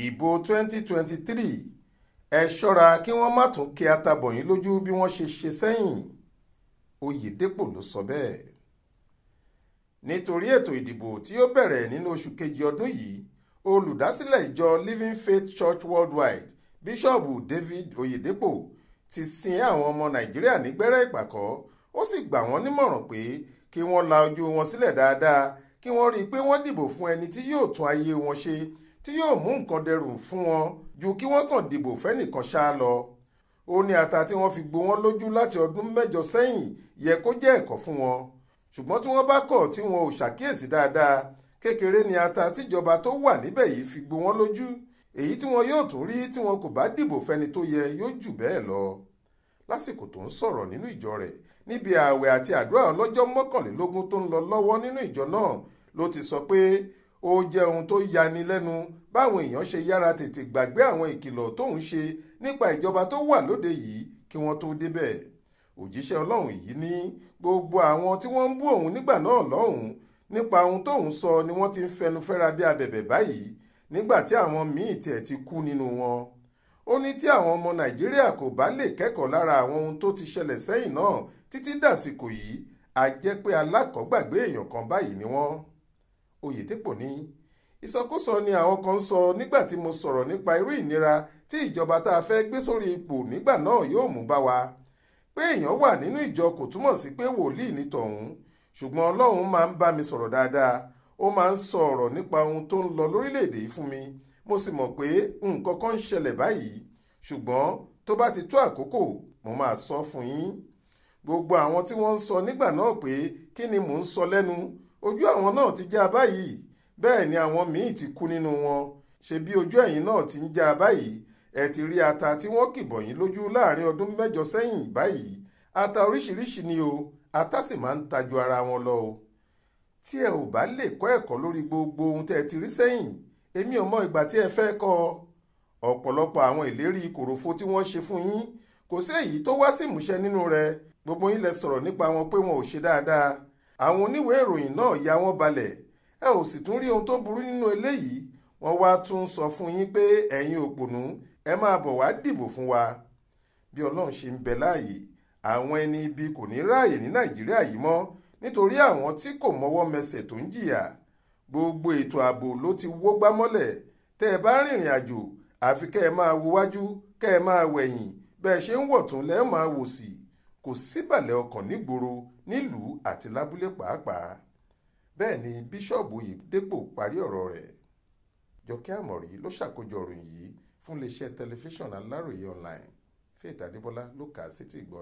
ìbò 2023 ẹ ṣọ́ra kí wọ́n má tún kí atabọ̀yìn lójú bí wọ́n ṣe ṣe sẹ́yìn Oyèdépò ló sọ bẹ́ẹ̀ nítorí ètò ìdìbò tí ó bẹ̀rẹ̀ nínú oṣù kejì ọdún yìí olùdásílẹ̀ ìjọ Living Faith Church Worldwide bíṣọ́ọ̀bù David Oyèdépò ti sin àwọn ọmọ Nàìjíríà nígbẹ́rẹ́ ìpàkọ́ ó sì gbà wọ́n nímọ̀ràn pé kí wọ́n la ojú wọn sílẹ̀ dáadáa kí wọ́n rí i pé wọ́n dìbò fún ẹni tí yóò tún ayé wọn ṣe tí yóò mú nǹkan dẹrùn fún wọn ju kí wọ́n kàn dìbò fẹ́nìkan ṣáá lọ ó ní ata tí wọ́n fi gbó wọn lójú láti ọdún mẹ́jọ sẹ́yìn yẹ kó jẹ́ ẹ̀kọ́ fún wọn ṣùgbọ́n tí wọ́n bá kọ̀ tí wọn ò ṣàkíyèsí dáadáa kékeré ni ata tíjọba tó wà níbẹ̀ yìí fi gbó wọn lójú èyí tí wọn yóò tún rí tí wọn kò bá dìbò fẹ́ni tó yẹ yóò jù bẹ́ẹ̀ lọ lásìkò tó ń sọ̀rọ̀ nínú ìjọ rẹ̀ níbi ààwẹ̀ àti àdúrà ọlọ́jọ́ mọ́kànlélógún tó ń lọ lọ́wọ́ nínú ìjọ náà ló ti sọ pé ó jẹ́ ohun tó yani lẹ́nu báwọn èèyàn ṣe yára tètè gbàgbé àwọn ìkìlọ̀ tóun ṣe nípa ìjọba tó wà lóde yìí kí wọ́n tó débẹ̀ òjíṣẹ́ ọlọ́run yìí ní gbogbo àwọn tí wọ́n ń bú òun nígbà náà lọ́hùn nípa ohun tóun sọ ni wọ́n ti ń fẹnu fẹ́ra bí abẹ̀bẹ̀ báyìí nígbà tí àwọn míì tiẹ̀ ti kú nínú wọn ó ní tí àwọn ọmọ nàìjíríà kò bá lè kẹ́kọ̀ọ́ lára àwọn ohun tó ti ṣẹlẹ̀ sẹ́yìn náà títí dàsìkò yìí a alákọ̀ọ́gbàgbé èèyàn kan báyìí ni wọ́n. Oyèdèpò ní ìsọkúsọ ni àwọn kan sọ nígbà tí mo sọ̀rọ̀ nípa irú ìnira tí ìjọba tá a fẹ́ gbé sórí ipò nígbà náà yóò mú bá wa pé èèyàn wà nínú ìjọ kò túmọ̀ sí pé wòlíì ní tọ̀hún ṣùgbọ́n Ọlọ́run máa ń bá mi sọ̀rọ̀ dáadáa ó máa ń sọ ọ̀rọ̀ nípa ohun tó ń lọ lórílẹ̀‐èdè yìí fún mi mo sì mọ̀ pé nǹkan kan ń ṣẹlẹ̀ báyìí ṣùgbọ́n tó bá ti tó àkókò mo máa sọ fún yín gbogbo àwọn tí wọ́n ń sọ nígbà náà pé kí ni mò ń sọ lẹ́nu ojú àwọn náà ti já a báyìí bẹ́ẹ̀ ni àwọn míì ti kú nínú wọn ṣe bí ojú ẹ̀yin náà ti ń já a báyìí ẹ ti rí ata tí wọ́n kìbọ̀ yín lójú láàrin ọdún mẹ́jọ sẹ́yìn báyìí ata oríṣiríṣi ni o ata sì máa ń tajú ara wọn lọ o tí ẹ ò bá lè kọ́ ẹ̀kọ́ lórí gbogbo ohun tẹ́ ẹ ti rí sẹ́yìn èmi ò mọ ìgbà tí ẹ fẹ́ kọ́ ọ̀pọ̀lọpọ̀ àwọn ìlérí kòròfo tí wọ́n ṣe fún yín kò sí èyí tó wá sí ìmúṣẹ nínú rẹ̀ gbogbo yín lẹ sọ̀rọ̀ nípa wọn pé wọn ò ṣe dáadáa àwọn oníwèé ìròyìn náà ya wọ́n balẹ̀ ẹ ò sì tún rí ohun tó burú nínú eléyìí wọ́n wá tún sọ fún yín pé ẹ̀yin òpònú ẹ máa bọ̀ wá dìbò fún wa bí ọlọ́run ṣe ń bẹ láàyè àwọn ẹni ibi kò ní ráàyè ní nàìjíríà yìí mọ́ nítorí àwọn tí kò mọwọ́ mẹsẹ̀ tó ń jìyà gbogbo ètò ààbò ló ti wó gbámọ́lẹ̀ tẹ́ ẹ bá rìnrìn àjò àfi kẹ́ ẹ máa wo wájú kẹ́ ẹ máa wẹ̀yìn bẹ́ẹ̀ ṣe ń wọ̀tún lẹ́ẹ̀ máa wò sí i kò síbàlẹ̀ ọkàn nígboro nílùú àti lábúlé pàápàá bẹ́ẹ̀ ni bíṣọ́ọ̀bù Oyèdépò parí ọ̀rọ̀ rẹ̀ Jọkẹ́ Àmọ̀rí ló ṣàkójọ ìròyìn yìí fún iléeṣẹ́ tẹlifíṣàn Aláròye online Faith Adébọlá ló kà á sétí ìgbọ́